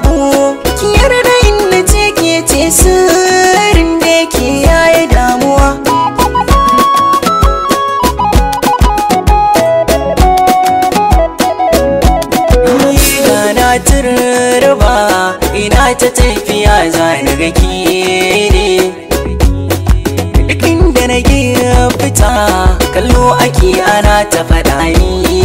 babu ki yarda in na ce ke ce sirrin da ke yaye damuwa mai gana turba ina ta tafiya za ni ga ki ne duk inda na fita kallo ake ana ta faɗa ni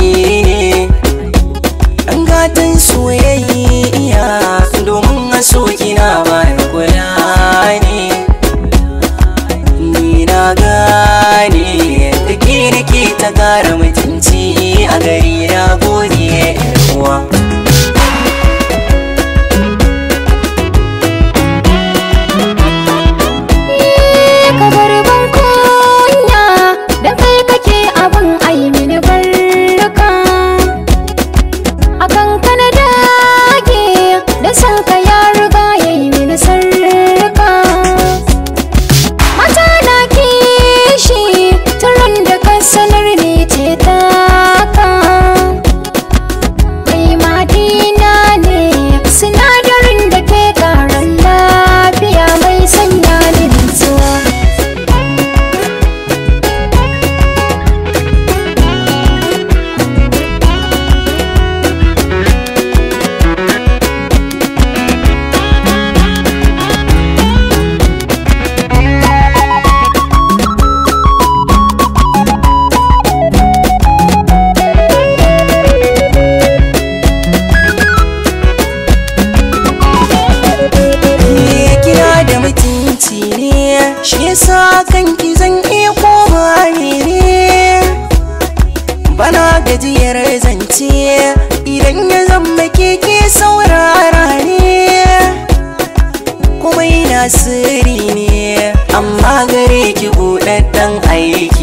ta gara shi yasa kan ki zan iya ne bana gajiyar zance idan ya zama keke saurara ne kuma ina sirri ne amma gare ki buɗaɗɗen aiki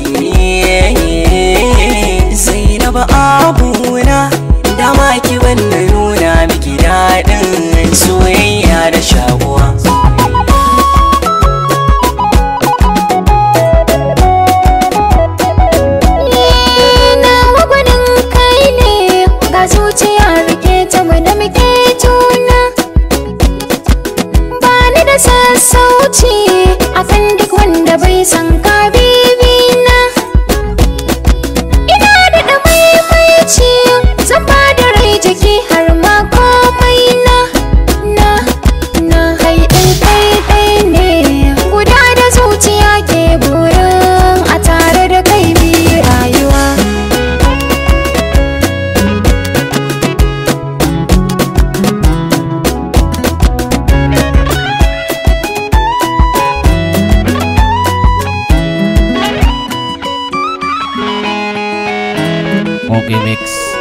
da bai san Pogi Mix.